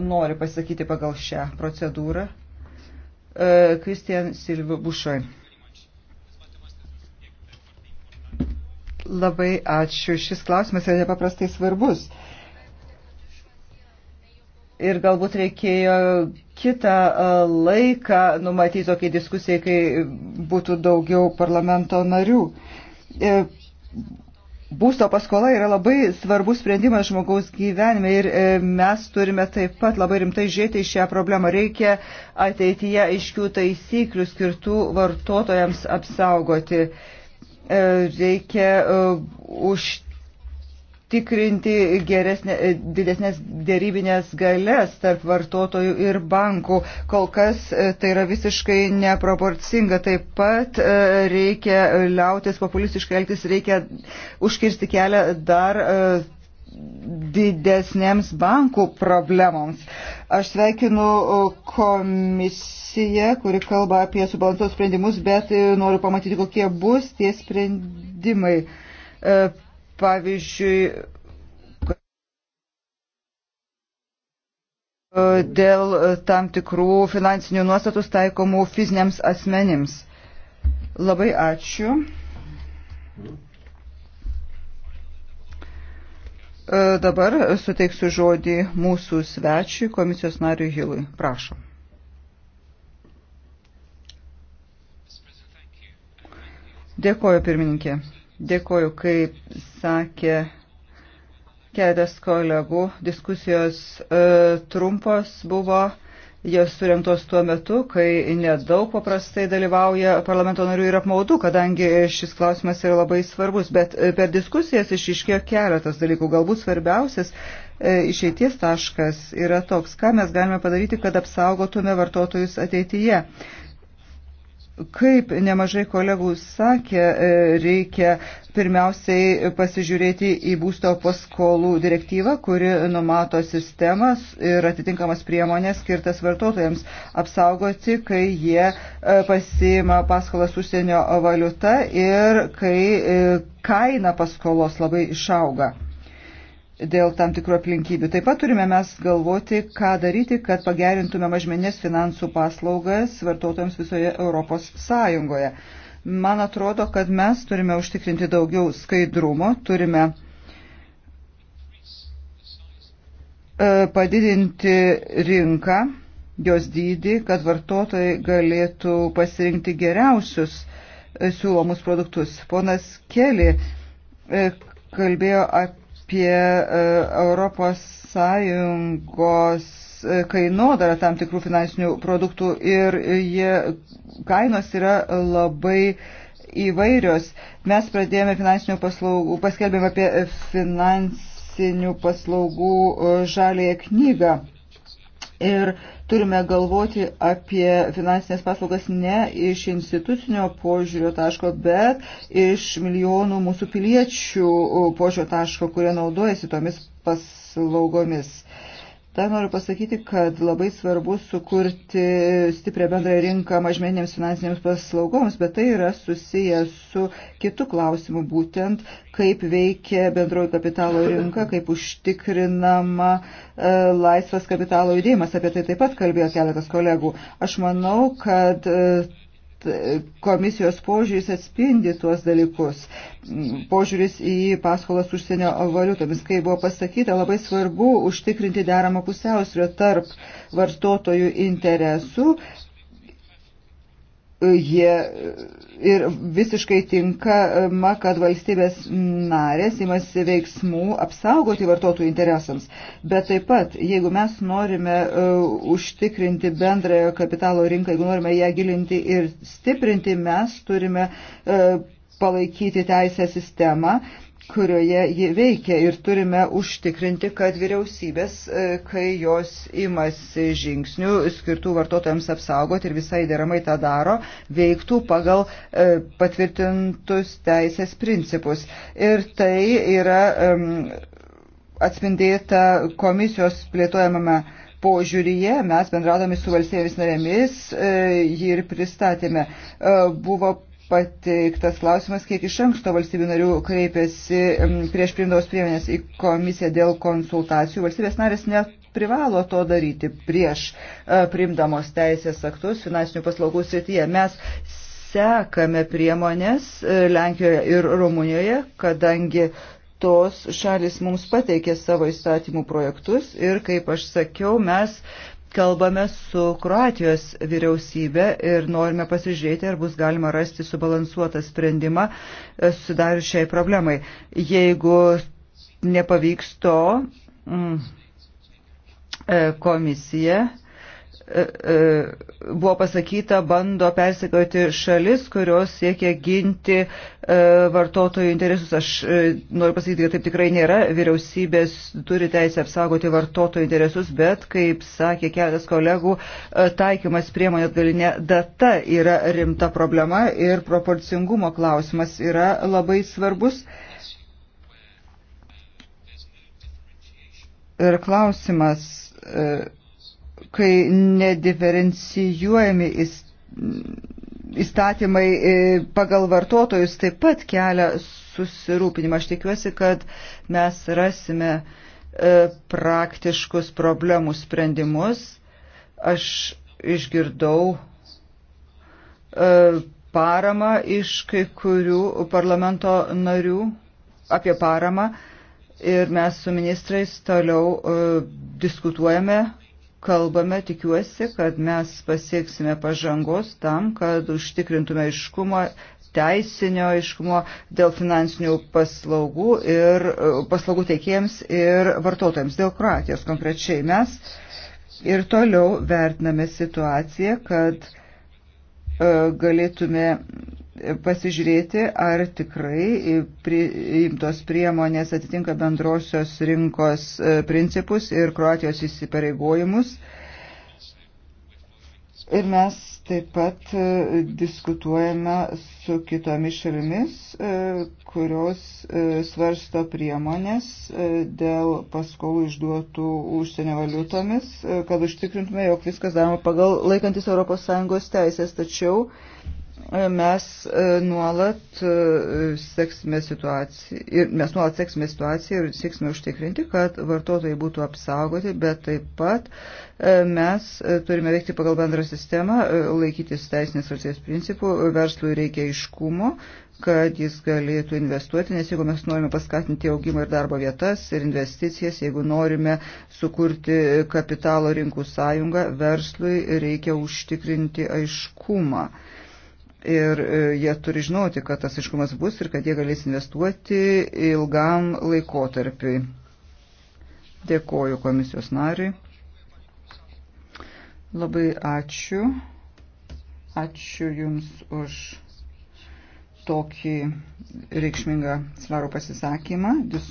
nori pasakyti pagal šią procedūrą. E, Kristian Silviu Bušoj. Labai ačiū. Šis klausimas yra nepaprastai svarbus. Ir galbūt reikėjo kitą e, laiką numatyti tokiai diskusijai, kai būtų daugiau parlamento narių e, Būsto paskola yra labai svarbus sprendimas žmogaus gyvenime ir e, mes turime taip pat labai rimtai žiūrėti į šią problemą. Reikia ateityje aiškių taisyklių skirtų vartotojams apsaugoti. E, reikia e, užtikrinti užtikrinti geresnė, didesnės dėrybinės galės tarp vartotojų ir bankų. Kol kas e, tai yra visiškai neproporcinga. Taip pat e, reikia liautis populistiškai elgtis, reikia užkirsti kelią dar e, didesnėms bankų problemoms. Aš sveikinu komisiją, kuri kalba apie subalansuotus sprendimus, bet noriu pamatyti, kokie bus tie sprendimai pavyzdžiui, e, dėl e, tam tikrų finansinių nuostatų taikomų fiziniams asmenims. Labai ačiū. E, dabar suteiksiu žodį mūsų svečiui, komisijos nariui Hilui. Prašom. Dėkoju, pirmininkė. Dėkoju, kaip sakė keletas kolegų, diskusijos e, trumpos buvo, jos surinktos tuo metu, kai nedaug paprastai dalyvauja parlamento narių ir apmaudų, kadangi šis klausimas yra labai svarbus, bet e, per diskusijas išiškėjo keletas dalykų, galbūt svarbiausias e, išeities taškas yra toks, ką mes galime padaryti, kad apsaugotume vartotojus ateityje. Kaip nemažai kolegų sakė, e, reikia pirmiausiai pasižiūrėti į būsto paskolų direktyvą, kuri numato sistemas ir atitinkamas priemonės skirtas vartotojams apsaugoti, kai jie e, pasiima paskolas užsienio valiuta ir kai e, kaina paskolos labai išauga dėl tam tikrų aplinkybių. Taip pat turime mes galvoti, ką daryti, kad pagerintume mažmenės finansų paslaugas vartotojams visoje Europos Sąjungoje. Man atrodo, kad mes turime užtikrinti daugiau skaidrumo, turime e, padidinti rinką, jos dydį, kad vartotojai galėtų pasirinkti geriausius e, siūlomus produktus. Ponas Keli e, kalbėjo apie apie e, Europos Sąjungos e, kainodarą tam tikrų finansinių produktų ir jie, kainos yra labai įvairios. Mes pradėjome finansinių paslaugų, paskelbėm apie finansinių paslaugų e, žalėje knygą. Ir turime galvoti apie finansinės paslaugas ne iš institucinio požiūrio taško, bet iš milijonų mūsų piliečių požiūrio taško, kurie naudojasi tomis paslaugomis. Dar noriu pasakyti, kad labai svarbu sukurti stiprią bendrąją rinką mažmenėms finansinėms paslaugoms, bet tai yra susiję su kitu klausimu, būtent kaip veikia bendroji kapitalo rinka, kaip užtikrinama e, laisvas kapitalo judėjimas. Apie tai taip pat kalbėjo keletas kolegų. Aš manau, kad e, komisijos požiūris atspindi tuos dalykus. Požiūris į paskolas užsienio valiutomis, kai buvo pasakyta, labai svarbu užtikrinti deramą pusiausvyrą tarp vartotojų interesų jie ir visiškai tinkama, kad valstybės narės imasi veiksmų apsaugoti vartotojų interesams. Bet taip pat, jeigu mes norime uh, užtikrinti bendrąją kapitalo rinką, jeigu norime ją gilinti ir stiprinti, mes turime uh, palaikyti teisę sistemą. Uh, kurioje ji veikia ir turime užtikrinti, kad vyriausybės, e, kai jos imasi žingsnių skirtų vartotojams apsaugoti ir visai deramai tą daro, veiktų pagal e, patvirtintus teisės principus. Ir tai yra atspindėta komisijos plėtojamame požiūryje mes bendradami su valstybėmis narėmis e, jį ir pristatėme. Buvo pateiktas klausimas, kiek iš anksto valstybių narių kreipėsi prieš priimdavos priemonės į komisiją dėl konsultacijų. Valstybės narės neprivalo to daryti prieš e, priimdamos teisės aktus finansinių paslaugų srityje. Mes sekame priemonės e, Lenkijoje ir Rumunijoje, kadangi tos šalis mums pateikė savo įstatymų projektus ir, kaip aš sakiau, mes kalbame su Kroatijos vyriausybė ir norime pasižiūrėti, ar bus galima rasti subalansuotą sprendimą e, susidarius šiai problemai. Jeigu nepavyks to, mm, e, komisija E, e, buvo pasakyta, bando persikoti šalis, kurios siekia ginti e, vartotojų interesus. Aš noriu pasakyti, kad taip tikrai nėra. Vyriausybės turi teisę apsaugoti vartotojų interesus, bet, kaip sakė keletas kolegų, taikymas priemonės galinė data yra rimta problema ir proporcingumo klausimas yra labai svarbus. Ir klausimas kai nediferencijuojami įstatymai e, pagal vartotojus taip pat kelia susirūpinimą. Aš tikiuosi, kad mes rasime e, praktiškus problemų sprendimus. Aš išgirdau e, paramą iš kai kurių parlamento narių apie paramą ir mes su ministrais toliau diskutuojame kalbame, tikiuosi, kad mes pasieksime pažangos tam, kad užtikrintume iškumo teisinio aiškumo dėl finansinių paslaugų ir paslaugų teikėjams ir vartotojams. Dėl Kroatijos konkrečiai mes ir toliau vertiname situaciją, kad e, galėtume pasižiūrėti, ar tikrai priimtos priemonės atitinka bendrosios rinkos e, principus ir Kroatijos įsipareigojimus. Ir mes taip pat e, diskutuojame su kitomis šalimis, e, kurios svarsto priemonės dėl paskolų išduotų užsienio valiutomis, kad užtikrintume, jog viskas daroma pagal laikantis ES teisės. Tačiau E, mes e, nuolat e, seksime situaciją ir mes nuolat seksime situaciją ir sieksime užtikrinti, kad vartotojai būtų apsaugoti, bet taip pat mes turime veikti pagal bendrą sistemą, laikytis teisinės valstybės principų, verslui reikia iškumo, kad jis galėtų investuoti, nes jeigu mes norime paskatinti augimą ir darbo vietas ir investicijas, jeigu norime sukurti kapitalo rinkų sąjungą, verslui reikia užtikrinti aiškumą. Ir e, jie turi žinoti, kad tas iškumas bus ir kad jie galės investuoti ilgam laikotarpiui. Dėkoju komisijos nariui. Labai ačiū. Ačiū Jums už tokį reikšmingą svarų pasisakymą.